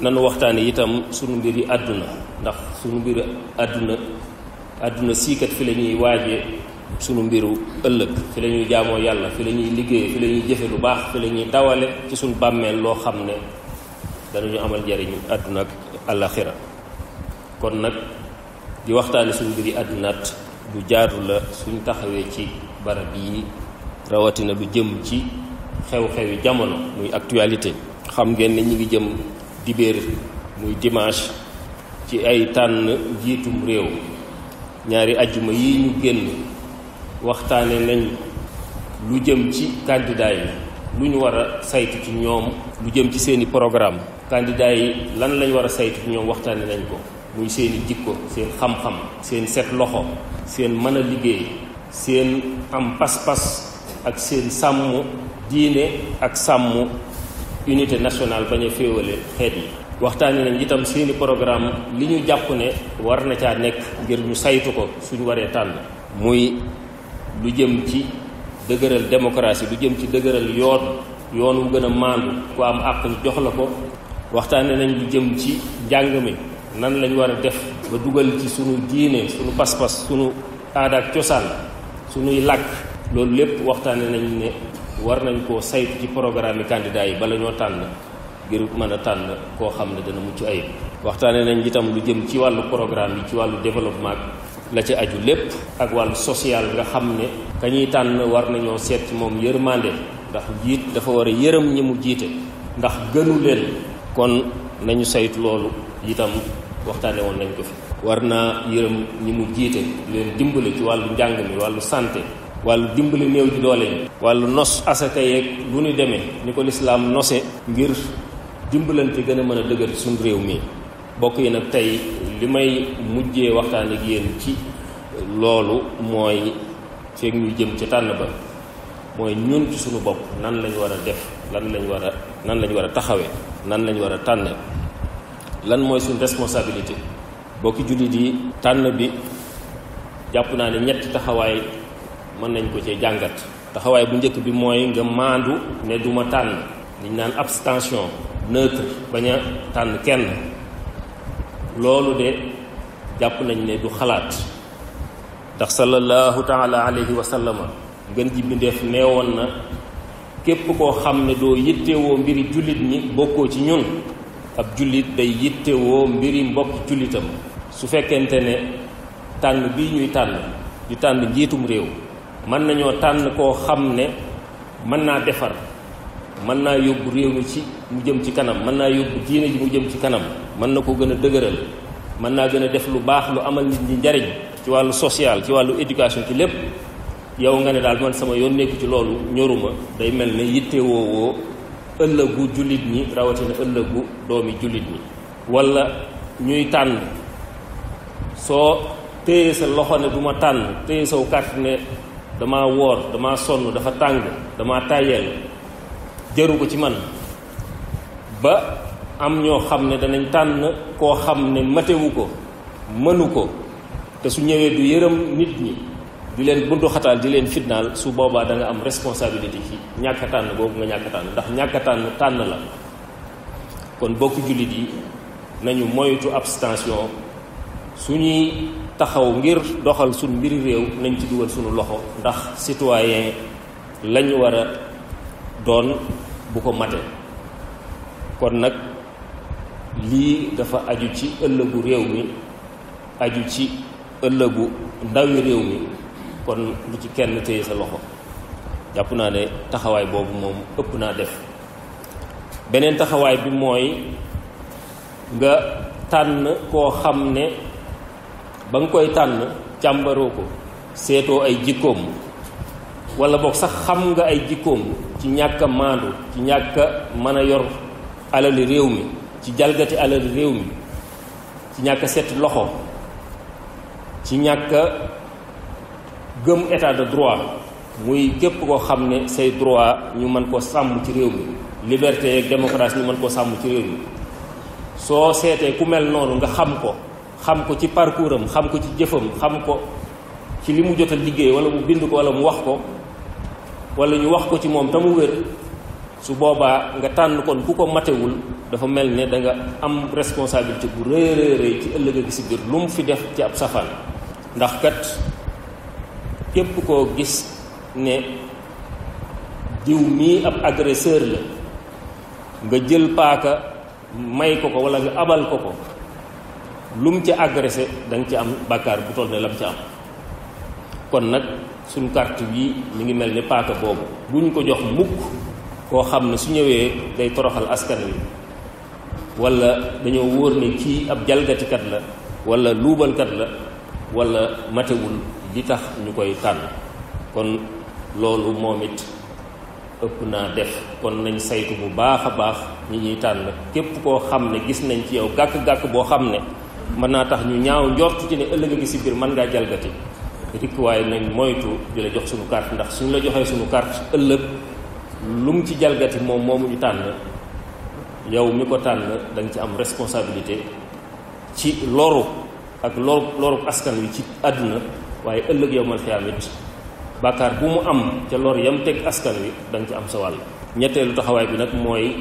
nanu waxtaane itam sunu mbir yi àdduna ndax sunu mbir àdduna àdduna siikat fi la ñuy waaje sunu mbiru ëllëg fi la jaamoo yàlla fi la ñuy liggéey fi la jëfe lu baax fi la dawale ci sunu bàmmeel loo xam ne ñu amal njariñ àdduna ak àllaxira kon nag di waxtaane sunu mbir yi àddunaat du jaadu la suñ taxawee ci barab yi rawatina lu jëm ci xew-xewi jamono muy actualité xam ngeen ne ñi ngi jëm dibéer muy dimanche ci ay tànn njiitum réew ñaari ajjuma yi ñu génn waxtaane nañ lu jëm ci candidat lu ñu war a saytu ci ñoom lu jëm ci seeni programme candidat lan lañ war a saytu ci ñoom waxtaane nañ ko muy seeni jikko seen xam-xam seen set loxo seen mën a liggéey seen am pas-pas ak seen sàmm diine ak sàmm unité nationale bañ a féewale xeet yi waxtaane nañ itam seeni programme li ñu jàpp ne war na caa nekk ngir ñu saytu ko suñu waree tànn muy lu jëm ci dëgëral démocratie lu jëm ci dëgëral yoon yoon gën a maandu ku am àq jox la ko waxtaane nañ lu jëm ci njàng mi nan lañ war a def ba dugal ci sunu diine suñu pas-pas sunu aada cosaan sunuy làkk loolu lépp waxtaane nañ ne war nañ koo saytu ci programme candidat yi bala ñoo tànn ngir mën a tànn koo xam ne dana mucc ay waxtaanee nañ itam lu jëm ci wàllu programme yi ci wàllu développement la ci aju lépp ak wàllu social nga xam ne ka ñuy tànn war nañoo seet ci moom yërmande ndax jiit dafa war a yërëm ñi mu jiite ndax gënu kon nañu sayt loolu itam waxtaanee woon nañ ko fi war naa yërëm ñi mu jiite leen dimbale ci wàllu njàng mi wàllu santé wàllu dimbali néew ji doole yi wàllu nos asaka yeeg lu ñu demee ni ko lislaam nose ngir dimbalante gën a mën a dëgër suñu réew mi bokk yi nag tey li may mujjee waxtaan ak yéen ci loolu mooy feeg ñu jëm ca tànn ba mooy ñun ci suñu bopp nan lañu war a def lan lañ war a nan lañu war a taxawee nan lañu war a tànn lan mooy suñ responsabilité bokki jullit yi tànn bi jàpp naa ne ñetti taxawaay mën nañ ko cee jàngat taxawaay bu njëkk bi mooy nga maandu ne du ma tànn liñ naan abstention neutre bañ a tànn kenn loolu de jàpp nañ ne du xalaat ndax sallallahu taala alayhi wa sallama ngën ji bindeef neewoon na képp koo xam ne doo yittewoo mbiri jullit ñi bokkoo ci ñun ab jullit day yittewoo mbiri mbokk jullitam su fekkente ne tànn bi ñuy tànn di tànn njiitum réew mën nañoo tànn koo xam ne mën naa defar mën naa yóbbu réew mi ci mu jëm ci kanam mën naa yóbbu diine ji mu jëm ci kanam mën na ko gën a dëgëral mën naa gën a def lu baax lu amal nit ñi njariñ ci wàllu social ci wàllu éducation ci lépp yow nga ne daal man sama yoon nekk ci loolu ñoruma day mel ne yitte woowoo ëllëgu jullit ñi rawatina ëllëgu doomi jullit ñi walla ñuy tànn soo téye sa loxo ne du tànn téye saw carte ne dama woor dama sonn dafa tàng dama tàyyeel jaru ko ci man ba am ñoo xam ne danañ tànn koo xam ne matewu ko mënu ko te su ñëwee du yërëm nit ñi du leen buntu xataal di leen fitnaal su boobaa da nga am responsabilité ci ñàkk tànn boobu nga ñàkk tànn ndax ñàkk tànn tànn la kon bokk jullit yi nañu moytu abstention su ñuy taxaw ngir doxal suñ mbiri réew nañ ci dugal suñu loxo ndax citoyen lañu wara doon bu ko mate kon nag lii dafa aju ci ëllëgu réew mi aju ci ëllëgu ndawi réew mi kon lu ci kenn téye sa loxo jàpp naa ne taxawaay boobu moom ëpp naa def beneen taxawaay bi mooy nga tànn koo xam ne ba nga koy tànn càmbaroo ko seetoo ay jikkoom wala boog sax xam nga ay jikkoom ci ñàkk maandu ci ñàkk a mën a yor alali réew mi ci jalgati alali réew mi ci ñàkk seeti loxo ci ñàkk gëm état de droit muy képp koo xam ne say droit ñu mën ko sàmm ci réew mi liberté ak démocratie ñu mën ko sàmm ci réew mi soo seetee ku mel noonu nga xam ko xam ko ci parcours am xam ko ci jëfam xam ko ci li mu jot liggéey wala mu bind ko wala mu wax ko wala ñu wax ko ci moom te mu wér su boobaa nga tànn kon ku ko matewul dafa mel ne da nga am responsabilité bu rëy rëy ci ëllëg ak si biir lu mu fi def ci ab safaan ndax kat képp koo gis ne diw mii ab agresseur la nga jël paaka may ko ko wala nga abal ko ko lum mu ci agressé da nga ci am bàkkaar bu toll ne la mu ci am kon nag suñ carte bi mu ngi mel ni paaka boobu bu ñu ko jox mukk koo xam ne su ñëwee day toroxal askan wi wala dañoo wóor ne kii ab jalgatikat la wala luubalkat la walla matewul li tax ñu koy tànn kon loolu moom it ëpp naa def kon nañ saytu bu baax a baax ñi ñuy tànn képp koo xam ne gis nañ ci yow gàkk-gàkk boo xam ne mën naa tax ñu ñaaw njort ci ne ëllëg ngi si biir man ngaa jalgati rikkuwaay nañ moytu di la jox suñu kart ndax suñu la joxee suñu carte ëllëg lu ci jalgati moom moomu ñu tànn yow mi ko tànn da ci am responsabilité ci loru ak loru loru askan wi ci àdduna waaye ëllëg yow mal xiyaam it bàkkaar bu mu am ca lor yam teg askan wi da ci am sa wàll ñetteelu taxawaay bi nag mooy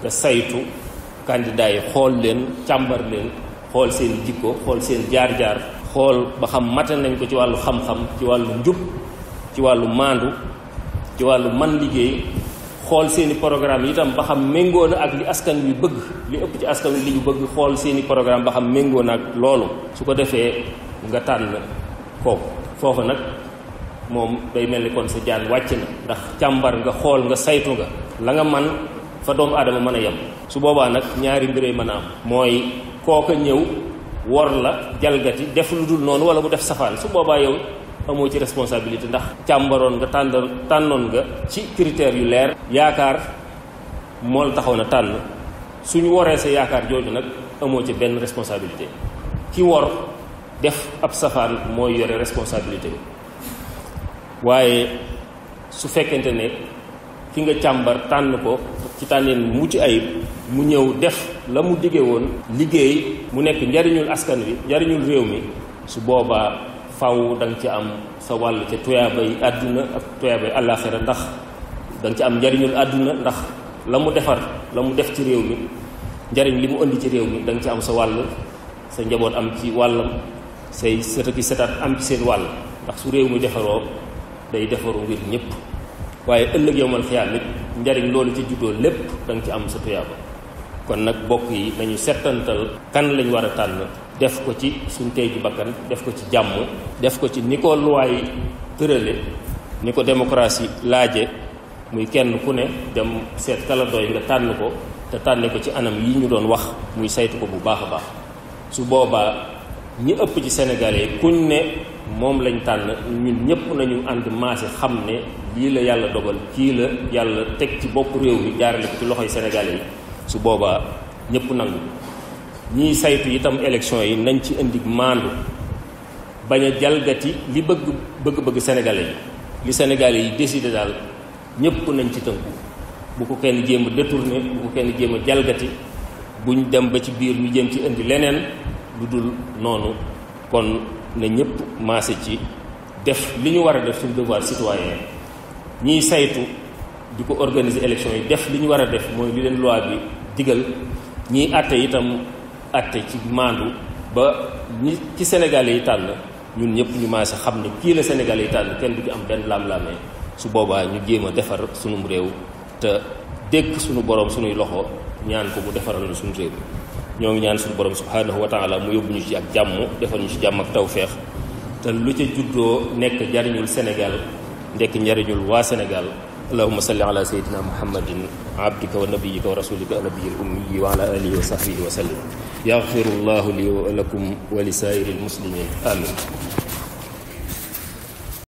nga saytu candidat yi xool leen càmbar leen xool seen jikko xool seen jaar-jaar xool ba xam matal nañ ko ci wàllu xam-xam ci wàllu njub ci wàllu maandu ci wàllu man liggéey xool seeni programme itam ba xam méngoo na ak askan wi bëgg li askan wi li ñu bëgg xool seeni programme ba xam méngoo na ak loolu su ko defee nga tànn kooku foofu nag moom day mel ni kon sa jaan wàcc na ndax càmbar nga xool nga saytu nga la nga man fa doomu aadama mën a yem su boobaa nag ñaari mbiree mën a am mooy kooka ñëw wor la jalgati def lu dul noonu wala bu def safaan su boobaa yow amoo ci responsabilité ndax càmbaroon nga tàndal tànnoon nga ci critères yu leer yaakaar moo la taxaw na tànn suñu woree sa yaakaar jooju nag amoo ci benn responsabilité ki wor def ab safaan mooy yore responsabilité bi waaye su fekkente ne ki nga càmbar tànn ko ci tànnin mucc ay mu ñëw def la mu liggéey woon liggéey mu nekk njariñul askan wi njariñul réew mi su boobaa faw da ci am sa wàll ca tuyaabay àdduna ak tuyaabay àllaaxira ndax da ci am njariñul àdduna ndax la mu defar la mu def ci réew mi njariñ li mu indi ci réew mi danga ci am sa wàll sa njaboot am ci wàllam say sëtaki setaat am ci seen wàll ndax su réew mi defaroo day defaru ngir ñëpp waaye ëllëg yowmal xiyaam it njariñ loolu ci juddoo lépp da ci am sa tuyaaba kon nag bokk yi nañu settantal kan lañ war a tànn def ko ci suñ tey bakkan def ko ci jàmm def ko ci ni ko luwaay ni ko démocratie laaje muy kenn ku ne dem seet kala doy nga tànn ko te tànne ko ci anam yi ñu doon wax muy saytu ko bu baax a baax su boobaa ñi ëpp ci Sénégalais kuñ ne moom lañ tànn ñun ñëpp nañu ànd maase xam ne lii la yàlla dogal kii la yàlla teg ci bopp réew mi jaarale ko ci loxoy Sénégal yi su boobaa ñëpp nangu ñiy saytu itam élection yi nañ ci indi maandu bañ a jalgati li bëgg bëgg-bëgg Sénégalais yi li Sénégalais yi décidé daal ñëpp nañ ci tënku bu ko kenn jéem a bu ko kenn jéem a jalgati buñ dem ba ci biir ñu jéem ci indi leneen lu dul noonu kon na ñëpp maase ci def li ñu war a def suñu devoir citoyen ñiy saytu di ko organiser élection yi def li ñu war a def mooy li leen loi bi digal ñii atte itam atte ci maandu ba ñi ci sénégalais yi tànn ñun ñëpp ñu maase xam ne kii la sénégalais yi tànn kenn du ci am benn laam-laamee su boobaa ñu jéem a defar sunum réew te dékk suñu boroom suñuy loxo ñaan ko mu defaral suñu réew ñoo ngi ñaan suñu borom subhaanahu wa taala mu yóbbu ñu ci ak jàmm defal ñu ci jàmm ak tawféex te lu ca juddoo nekk njariñul Sénégal ndekk njariñul waa Sénégal allahuma salli ala sayidina muhammadin abdika wa nabiyika wa rasulika nabiyil ummiyi wa ala alihi wa sahbihi wa sallim yaxfiru llahu li wa lakum wa li saa'iril muslimin amin